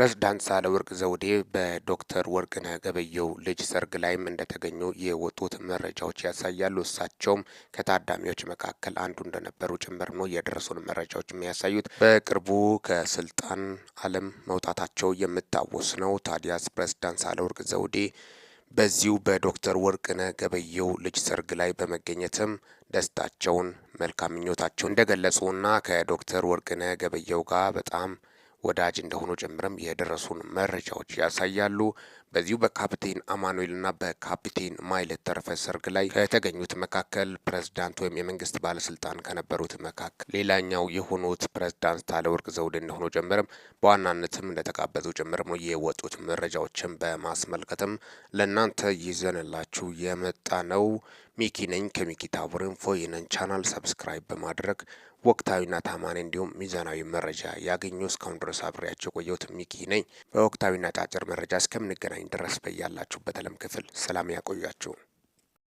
ፕሬዝዳንት ሳህለወርቅ ዘውዴ በዶክተር ወርቅነህ ገበየሁ ልጅ ሰርግ ላይም እንደተገኙ የወጡት መረጃዎች ያሳያሉ። እሳቸውም ከታዳሚዎች መካከል አንዱ እንደነበሩ ጭምር ነው የደረሱን መረጃዎች የሚያሳዩት። በቅርቡ ከስልጣን ዓለም መውጣታቸው የምታወስ ነው። ታዲያስ ፕሬዝዳንት ሳህለወርቅ ዘውዴ በዚሁ በዶክተር ወርቅነህ ገበየሁ ልጅ ሰርግ ላይ በመገኘትም ደስታቸውን መልካም ምኞታቸው እንደገለጹና ከዶክተር ወርቅነህ ገበየሁ ጋር በጣም ወዳጅ እንደሆኑ ጭምርም የደረሱን መረጃዎች ያሳያሉ። በዚሁ በካፕቴን አማኑኤልና በካፕቴን ማይለት ተረፈ ሰርግ ላይ ከተገኙት መካከል ፕሬዝዳንት ወይም የመንግስት ባለስልጣን ከነበሩት መካከል ሌላኛው የሆኑት ፕሬዝዳንት ሳህለወርቅ ዘውዴ እንደሆኑ ጀምርም በዋናነትም እንደተጋበዙ ጀምርም የወጡት መረጃዎችን በማስመልከትም ለእናንተ ይዘንላችሁ የመጣ ነው። ሚኪ ነኝ ከሚኪ ታቡርን ፎይነን ቻናል ሰብስክራይብ በማድረግ ወቅታዊና ታማኒ እንዲሁም ሚዛናዊ መረጃ ያገኙ። እስካሁን ድረስ አብሬያቸው ቆየሁት። ሚኪ ነኝ። በወቅታዊና ጫጭር መረጃ እስከምንገናኝ ድረስ በያላችሁበት ዓለም ክፍል ሰላም ያቆያችሁ።